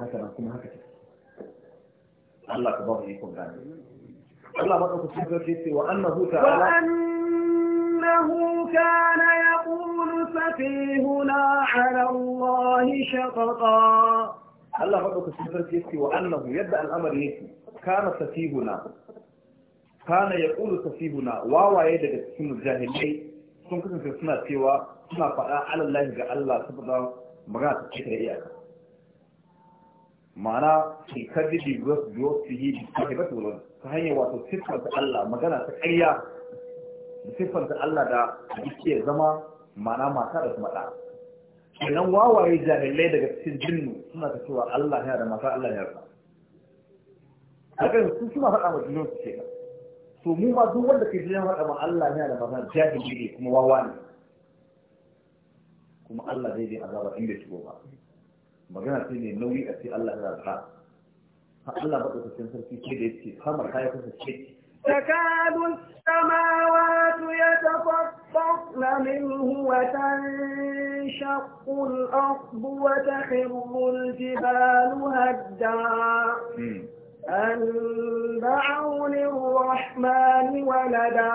haka nan kuma haka Allah ka ba mu ikon gani Allah ba ka sarki ce wa annahu ta'ala wa annahu kana ya ففيهنا على الله شططا Allah maɗaukacin sarki yake wa annahu yadda al'amari yake kana safihuna kana ya ƙulu safihuna wawaye daga cikin jahilai sun kasance suna cewa suna faɗa alallahi ga Allah saboda magana ta cika iyaka ma'ana shi kaddi bi wasu biyo su yi sahibatu wani ta hanyar wato siffanta Allah magana ta ƙarya da siffanta Allah da yake zama mana mata da kuma ɗa idan wawaye jahilai daga cikin jinnu suna ta cewa Allah ya da mata Allah ya da daga su suna faɗa ma junan su ke so mu ma duk wanda ke jiyan faɗa ma Allah ya da mata jahili ne kuma wawa ne kuma Allah zai bai azaba inda shigo ba magana sai ne nauyi a ce Allah ya da ta Allah ba ɗaukacin sarki sai da ya ce kamar kayan kusa ce تكاد السماوات يتفطرن منه وتنشق الأرض وتخر الجبال هدا أن دعوا للرحمن ولدا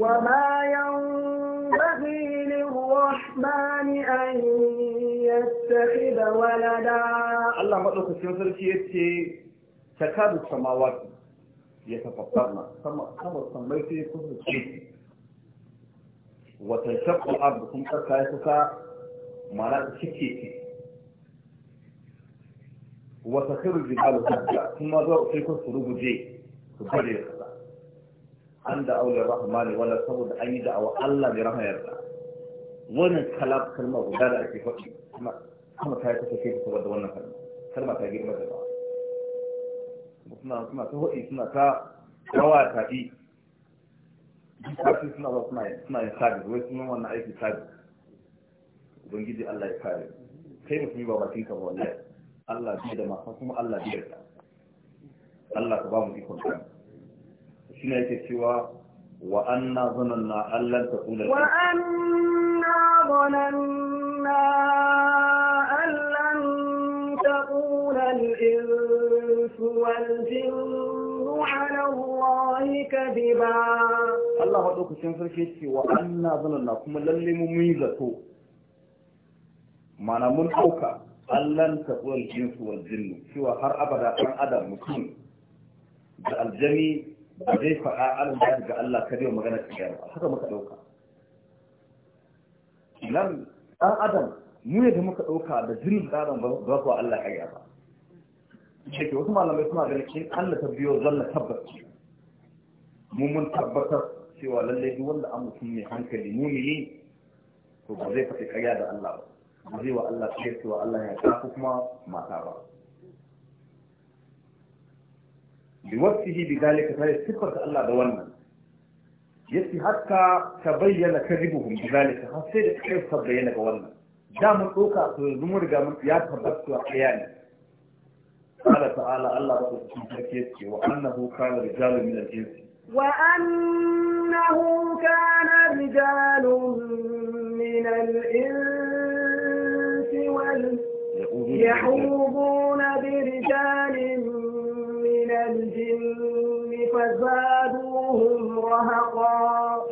وما ينبغي للرحمن أن يتخذ ولدا الله مدرسة سنسرتي يتي تكاد السماوات ya tafattar na sama sambai sai ya kusa ce wata shakku abu sun karka ya kusa mara cike ce wata kiri jihar sabbiya sun ma zuwa sai kusa rubuje su bare ya kusa an da aure rahama ne wala saboda an yi da awa allah bai rama yarda wannan kalab kalma guda da ake faɗi kuma kuma ta yi kusa ce kusa wadda wannan kalma kalma ta girma da ba suna suna ta hudi suna ta rawa ta bi kafin suna zuwa suna suna yin sabis wai suna wannan aiki sabis ubangiji Allah ya kare kai musulmi yi bakin ka ba wallahi Allah bi da masa kuma Allah bi da Allah ka ba mu ikon kan shi ne yake cewa wa anna zananna allan taqula wa anna zananna allan taqula al هو الجن على الله كذبا الله na kuma lalle mun ظننا zato. Mana mun ɗauka نمون ta ألن jinsu الجنس والجن سوى har abada أن أدا mutum da aljami ba zai faɗa alin da ga Allah kare magana ta gyara ba haka muka ɗauka nan ɗan adam mu ne da muka ɗauka da jirin ɗan adam ba ku Allah kariya ba da ke wasu malamai suna ganin kin Allah ta biyo zalla tabbaci mu mun tabbatar cewa lalle duk wanda an mutum mai hankali mumini to ba zai fata karya da Allah ba ba zai wa Allah kai cewa Allah ya ta kuma mata ba bi wasihi bi dalika sai sifar Allah da wannan yace hatta ta bayyana kadibuhum bi dalika har sai da kai ta bayyana ga wannan da mun doka to yanzu mun riga mun ya tabbata cewa kiyaya ne قال تعالى الله ربك وأنه كان رجال من الإنس وأنه كان رجال من الإنس وال يحوضون برجال من الجن فزادوهم رهقا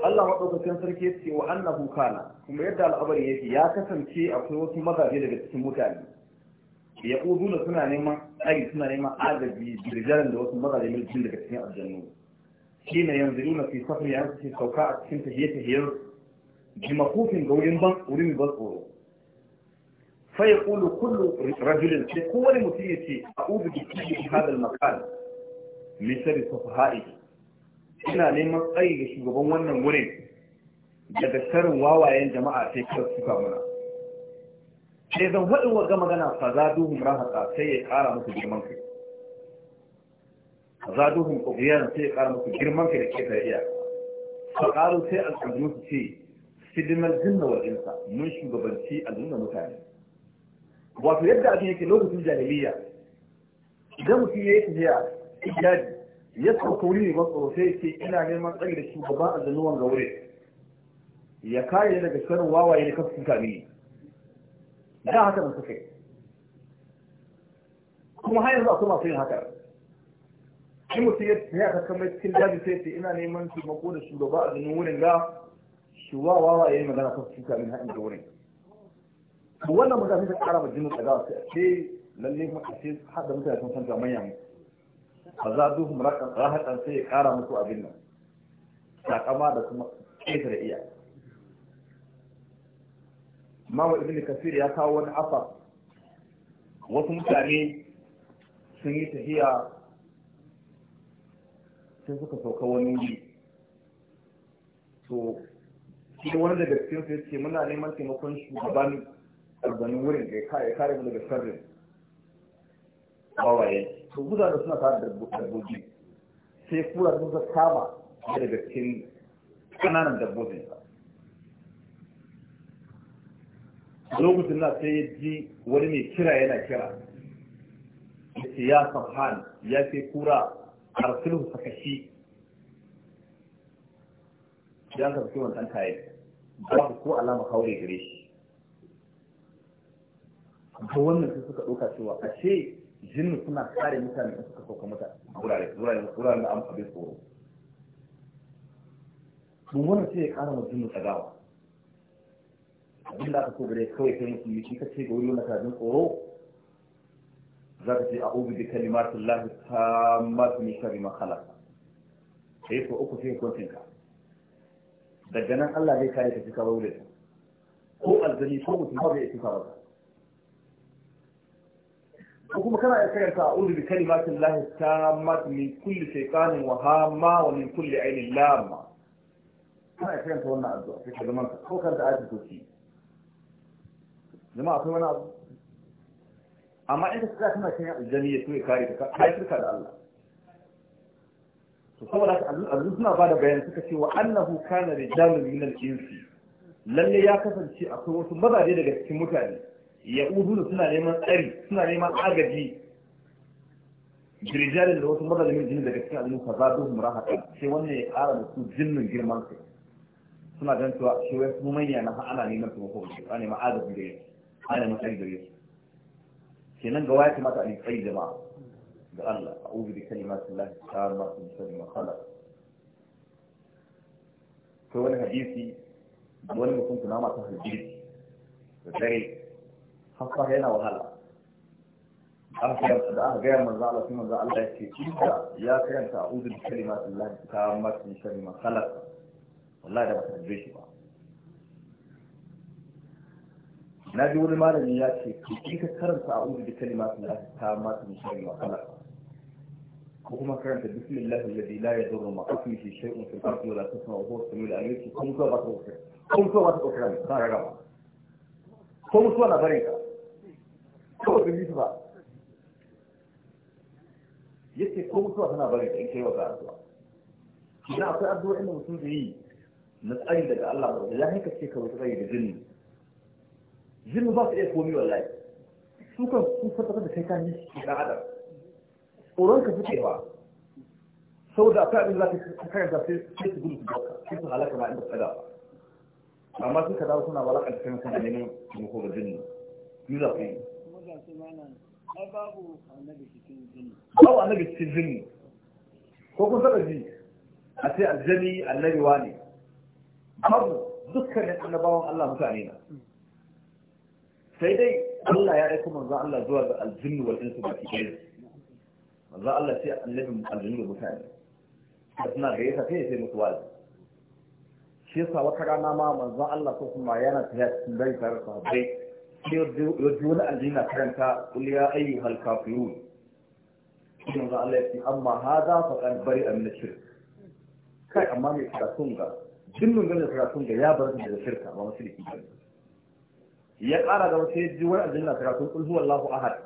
الله مدوkakin sarki yace wa annahu kana kuma yadda al'amari yake ya kasance akwai wasu mazaje daga cikin mutane يقولون سنة نعمة أي سنة نعمة عدد برجال دواس مغل من الجن لكتنية الجنوب حين ينزلون في صفر عنصف سوكاعة سنة هي تهير بمقوف قول ينبط ورمي بطوره فيقول كل رجل قوة لمسيئتي أعوذ بكي هذا المكان مثل صفهائي هنا نعمة أي شيء قبوانا مرين جدسر واوا عين جماعة تكتب سكامنا sai zan faɗin wa gama gana fa za duhun sai ya ƙara musu girman kai fa za duhun ƙogiyar sai ya ƙara musu girman kai da ke tariya. iya fa ƙaro sai al'adun su ce sidimar jinna wajensa, mun shugabanci al'umma mutane wato yadda abin yake lokacin jahiliya idan mutum ya yi tafiya iyali ya sauka wuri ne ba tsoro sai ya ce ina neman tsayi da shugaban al'umma ga wuri ya kare daga sharin wawaye da kafin kamini da haka nan suka yi kuma har yanzu akwai masu yin haka in mutum ya tafiya ta kama cikin daji sai ce ina neman taimako da shugaba a ganin wurin ga shuwawa wa yayi magana kan cuta min haɗin da wurin to wannan magana sai ta ƙara ma jinin tsagawa sai a ce lalle kuma a ce har da mutane sun san ga manyan ba za a duhu murakan sai ya ƙara musu abin nan sakama da kuma ƙetare iya Imam Ibn Kasir ya kawo wani afa. wasu mutane sun yi tafiya sai suka sauka wani yi. to shi wani daga cikin su ce muna neman taimakon shugaban albanin wurin da ya kare mu daga sharrin bawaye to guda da suna tare da dabbobi sai kura sun kama daga cikin kananan dabbobin sa lokacin na sai ya ji wani mai kira yana kira yace ya safhan ya ce kura arsilhu sakashi ya fi wannan kayan babu ko alama haure gare shi ba wannan sai suka ɗauka cewa ashe jinnu suna kare mutane in suka sauka mutane wurare wurare wurare da amfani tsoro mun wannan sai ya kara wa jinnu tsagawa عبد الله الكبري كويس في يوتيوب يقول مثلا قروا ذاتي اعوذ بكلمات الله التامات من شر ما خلق كيف اوكو فيه كونتينكا دجنا الله هي كانت في كبولت هو الذي صوم في مرض اتفاق وكما كان يسير اعوذ بكلمات الله التامات من كل شيطان وهامة ومن كل عين لامة ما يسير انت وانا الدعاء في كلمات هو كانت عادة توتين jama'a akwai wani abu amma in ka tsaya kana kan aljani ya so ya kare ka kai da Allah to saboda haka azu suna bada bayani suka ce wa annahu kana rijalun min al-insi lalle ya kasance akwai wasu mazaje daga cikin mutane ya udu suna neman tsari suna neman agaji girjalin da wasu mazaje min jini daga cikin aljanu fa zadu murahatan sai wannan ya kara da su jinnin girman su suna ganin cewa shi wai su manya na ana neman su ko ne ma agaji da yake ana matsayi gare su kenan ga waya kamata a yi tsayi jama'a ga Allah a ubi da kalimatin lahi ta masu misali mahala ko wani hadisi da wani mutum kuna masu hadisi da dare hafa yana wahala da aka gaya manzo Allah sai manzo Allah ya ce kinka ya karanta a'udhu bi kalimatin lahi ta masu misali mahala wallahi da ba ta shi ba na ji wani malami ya ce in ka karanta a umu da kalimatun da ta masu mai shirin makala ko kuma karanta bismillah alladhi la yadurru ma ismihi shay'un fil ardi wa la tasma'u huwa as-sami'ul 'alim kun ko ba ta kokari kun ko ba ta kokari ka raga ba ko mutuwa na barin ka ko da bisu ba yace ko mutuwa tana barin ka in kai wa addu'a Ina akwai addu'a inda mutum zai yi na tsari daga Allah ba ya haka ce ka tsari da jinni jirgin ba su iya komi wallahi su kan sun fata da kai kan yi shi ɗan adam tsoron ka suke ba saboda akwai abin za ka karanta sai su gudu su bauka sai su halaka ma inda tsada ba amma sun ka dawo suna ba walakar cikin suna neman taimako ga jinni yi za ku yi babu annabi cikin jinni ko kun taɓa ji a ce aljani annabi wa ne babu dukkanin annabawan Allah mutane na sai dai Allah ya aika manzo Allah zuwa ga aljinnu wal insu baki ɗaya manzo Allah sai annabi aljinnu da mutane suna da yasa sai sai musu wa'azi shi yasa wata rana ma manzo Allah ko kuma yana tafiya cikin dare tare da sahabbai sai ya ji wani aljinna karanta kul ya ayyuhal kafirun shi manzo Allah ya ce amma hada faqad bari'a min shirk kai amma mai karatun ga jinnun ganin karatun ga ya bar da shirka ba musulmi ba ya ƙara gaba sai ji wani aljanna ta kasu kul Allahu ahad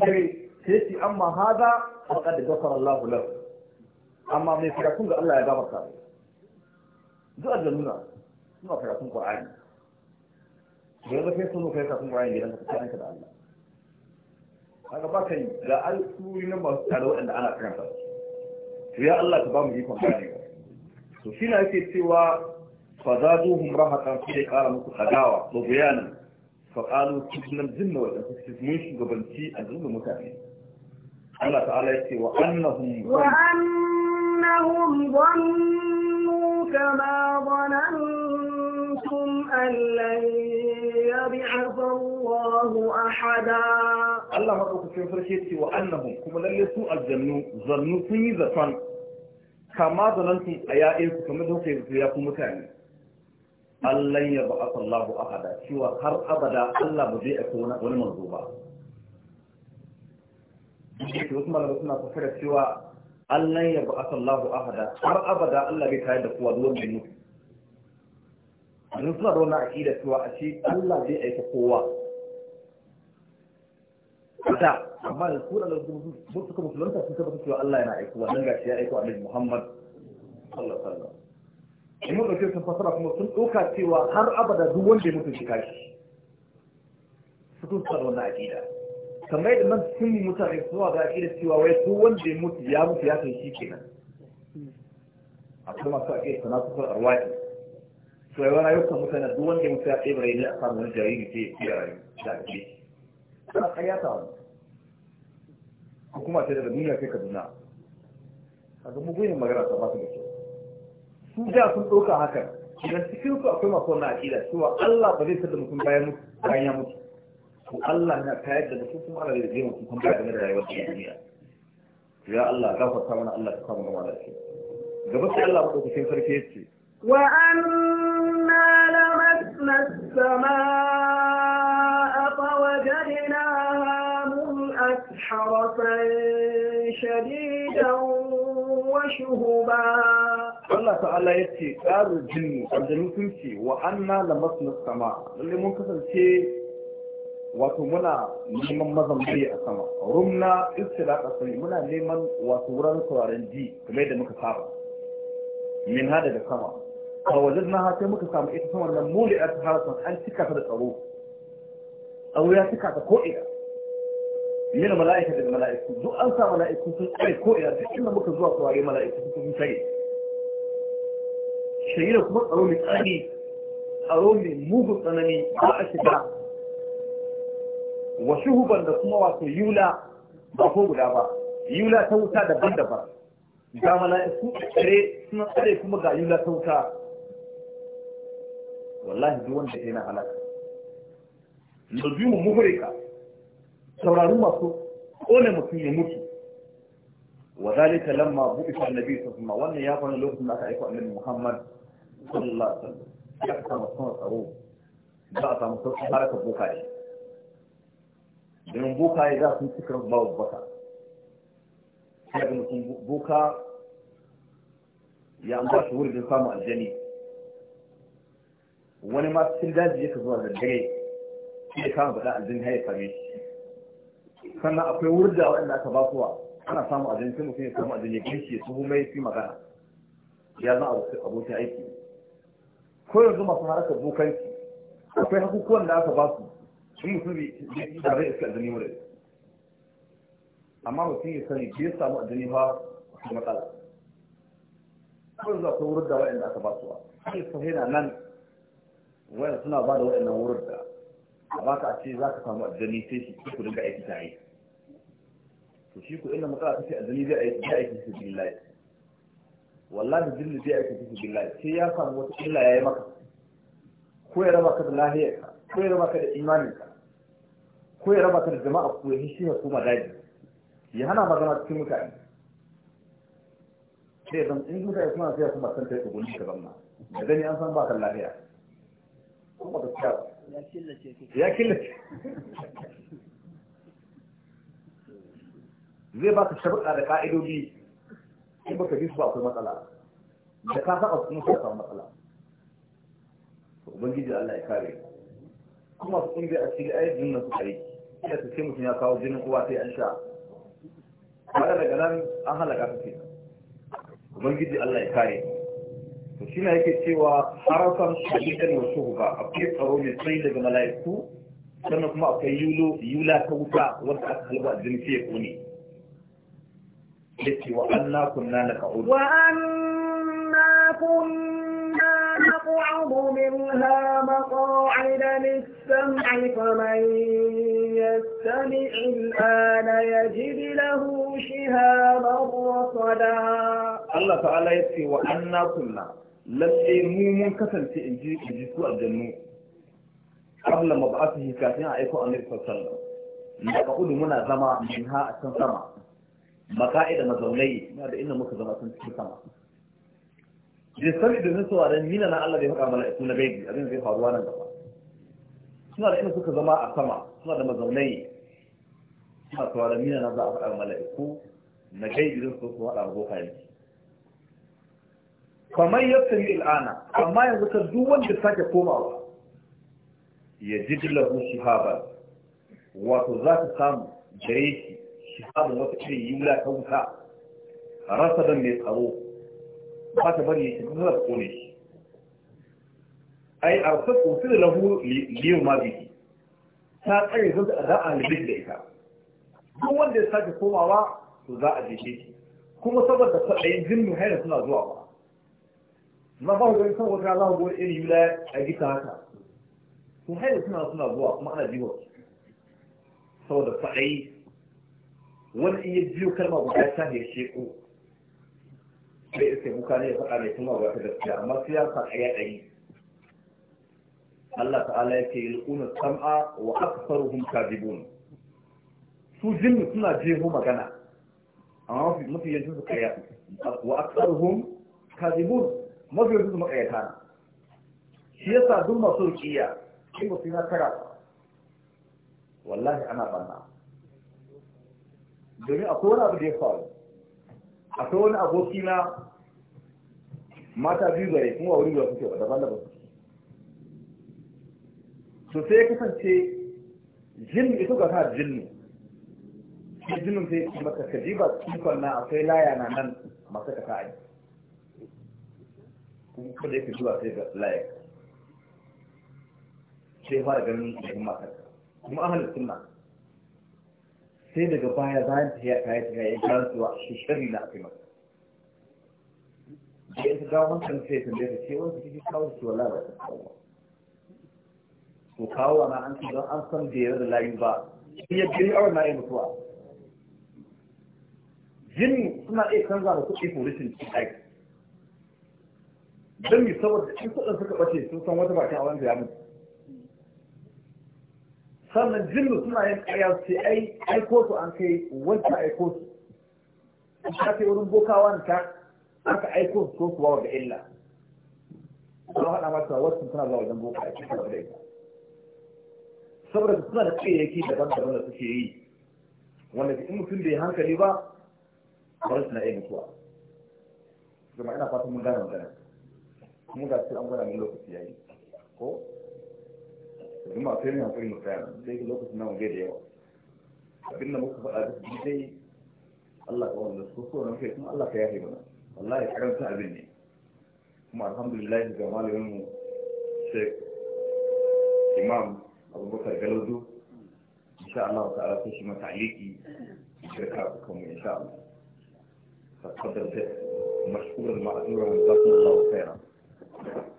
sai sai ci amma hada faqad ghafara Allahu lahu amma mai karatun ga Allah ya gafarta mai duk aljannuna suna karatun Qur'ani da yanzu kai sun kai karatun Qur'ani gidan ka tsayanka da Allah haka ba kai ga alƙuri na masu tare waɗanda ana karanta su ya Allah ka ba mu ikon gane to shi na yake cewa fazaduhum rahatan sai ya kara muku tagawa ko bayanin fa qalu kibnan zinna wa tasfis gabanci a zinna mutane Allah ta'ala yace wa annahum wa annahum dhannu kama dhanantum allan yab'ath Allahu ahada Allah ma kuka ce farshe yace wa kuma lalle su aljannu zannu sun yi zafan kama dhanantum aya'in kuma da kuka yi ya ku mutane Allah ya ba a ahada cewa har abada Allah ba zai aiko wani manzo ba duk wasu malamai suna da cewa Allah ya ba a ahada har abada Allah bai tayar da kowa zuwa mai mutu annabi suna da wannan da cewa a ce Allah zai aika kowa da amma da sura da musu suka musulunta sun tabbata cewa Allah yana aikowa nan gashi ya aiko Annabi Muhammad sallallahu alaihi Imam ɗauke sun fasara kuma sun ɗauka cewa har abada duk wanda ya mutu shi kashi su tun sa da aƙida kamar yadda nan sun yi mutane suwa ga aƙida cewa wai duk wanda ya mutu ya mutu ya kai shi kenan A kuma masu aƙida na kusur arwaɗi to yawan ayyukan mutane duk wanda ya mutu ya ɗebare ne a samu wani jariri ke ya fiye rayu da aƙida suna ƙaryata wani hukuma ce daga duniya sai kaduna a ga mugun magana ta ba su da kyau su da sun ɗauka haka idan cikin su akwai masu wannan aƙida cewa Allah ba zai da mutum bayan mutu bayan ya mutu to Allah na tayar da mutum kuma Allah zai mutum kuma ba game da rayuwar ta duniya ya Allah gafarta mana Allah ka samu gama lafiya gaba sai Allah madaukakin sarki ya ce wa anna lamasna as-samaa fa wajadnaha munasharatan shadidan wa shuhuban Allah ta'ala ya ce tsarin jinnu aljanu sun ce wa anna na sama lalle mun kasance wato muna neman mazambi a sama rumna istilaqa sami muna neman wato wurin sauraron ji kamar yadda muka saba min hada da sama a wajen na sai muka samu ita sama nan muli a harsun an cika ta da tsaro tsaro ya cika ta ko'ina Yana mala'ika da mala'iku duk an sa mala'iku sun tsare ko'ina duk inda muka zuwa saurare mala'iku sun tsare shari'a kuma tsaro mai tsari tsaro mai mugu tsanani ba a shiga wa shuhuban da kuma wato yula ba ko guda ba yula ta wuta daban-daban ga mala'iku tsare suna tsare kuma ga yula ta wuta wallahi duk wanda yana halaka nazumu ka. saurari masu kone mutum ya mutu wa zalika lamma bu'ita annabi sallallahu alaihi wasallam wannan ya fara lokacin da aka aika annabi Muhammad sallallahu alaihi wasallam ya samu za a samu domin za su babu mutum boka ya samun aljani wani ma zuwa da dare shi da kama faɗa aljini har shi sannan akwai wurda waɗanda aka ba kuwa ana samun aljini sai mutum ya samu aljini ya gaishe su mai fi magana ya zama abokin aiki ko yanzu masu harkar bokanci akwai hakukuwan da aka ba su sun mutum bai da zai iska aljani wurin amma mutum ya sani bai samu aljani ba su matsala ko yanzu akwai wurin da wa'anda aka ba su ba sai su na nan wani suna ba da wa'annan wurin da a baka a ce za ka samu aljani sai shi ku dinga aiki tare to shi ku inda matsala ta ce aljani zai aiki zai aiki layi wallahi dillu zai aiki cikin billahi sai ya samu wata illa ya yi maka ko ya raba ka da ka ko ya raba ka da imaninka ko ya raba ka da jama'a ko ya hishi ya kuma daji ya hana magana cikin mutane sai zan in mutane suna sai ya kuma san kai tsugunni ka zamna da gani an san ba ka lahiya kuma da kyau ya killace zai baka sharuɗa da ka'idodi in baka bi su ba akwai matsala da ka saba kuma sai samu matsala ubangiji Allah ya kare kuma su kungiya a cikin ayyukan nan suka yi sai ta ce mutum ya kawo jinin uwa sai an sha kada daga nan an halaka su ce ubangiji Allah ya kare to shi ne yake cewa harafan shadidan wa a akwai tsaro mai tsayi daga mala'iku sannan kuma akwai yulo yula ta wuta wanda aka halba a jinin fiye ne yake wa anna kunna na ka'ud wa anna kunna naq'udu minha maq'ida lis-sam'i faman yastami' al-ana yajid lahu shihaban rasada Allah ta'ala yace wa anna kunna lalle mu mun kasance inji inji su aljannu qabla mab'athihi kafin a aiko annabi sallallahu alaihi wasallam naq'udu muna zama minha a can sama maka'ida mazaunai na da inda muka zama sun cikin sama da sami domin sauraron nina na Allah bai faɗa mala'iku na gaibi abin zai faruwa nan gaba suna da inda suka zama a sama suna da mazaunai suna sauraron nina na za a faɗa mala'iku na gaibi zai su faɗa wa bokaye kamar yadda yi il'ana amma yanzu ka duk wanda sake komawa ya ji dillahu shihaban wato za ka samu da yake samun wata yi wula ta wuta rasa don mai tsaro ba ta bari ya shiga zuwa kone shi ai arsat da lahu liyu ma biki ta tsare zuwa da alibid da ita duk wanda ya sake komawa to za a jefe shi kuma saboda kwaɗayi jinnu haina suna zuwa ba na ba ku gani kan wata za ku irin wula a gita haka to haina suna suna zuwa kuma ana jiwa saboda kwaɗayi wani iya ya biyo kalma guda ya sa ne sheko sai iske kuka ne ya faɗa mai kuma ba ta gaskiya amma su ya sa ɗaya ɗari Allah ta'ala ya ce yulquna sam'a wa aktharuhum kadibun su jinnu suna jeho magana amma mafi yanzu su kaya wa aktharuhum kadibun mafi yanzu su makayata shi yasa duk masu rukiya in ba su yi nasara wallahi ana banna domin akwai wani abu da ya faru akwai wani aboki na mata biyu gare kuma wuri da suke daban daban so sai ya kasance jinnu ita ga ta jinnu shi jinnun sai ya maka ka jiba cikin na akwai laya na nan masu ka ta'ai kuma kada yake zuwa sai ga laya sai fara ganin jikin matar kuma ahalin sunna sai daga baya bayan ta ya tafiya ya gano cewa shi na ake masa da ya ta gawo wancan sai ta daga ce wanda kike kawo su wala ba ta kawo to kawo na an don an san da yarda layu ba shi ya giri awon na iya mutuwa jini suna iya canza da kuɗi polishin cikin aiki don yi saboda cikin kuɗin suka ɓace sun san wata bakin awon da ya mutu sannan jirgin suna yin ƙarya su ai ai kotu an kai wanda ai kotu in ka kai wurin bokawa ta aka aiko su ko kuwa wa ga illa an haɗa a wasu suna zuwa wajen boka a cikin da ita saboda suna da kayayyaki daban-daban da suke yi wanda in mutum bai hankali ba ba su na iya mutuwa zama ina fatan mun gane magana kuma ga su an gwada min lokaci yayi ko in ba sai ne hakuri mu tsaya sai lokacin nan bai da yawa abin da muka faɗa duk dai Allah ka wanda su so na kai kuma Allah ka yafe mana wallahi karanta abin ne kuma alhamdulillah ga malaminmu mu Sheikh Imam Abubakar Galadu insha Allah ta'ala sai shi mata aliki shirka kuma insha Allah ka فقدر مشكورا معذورا جزاكم ta خيرا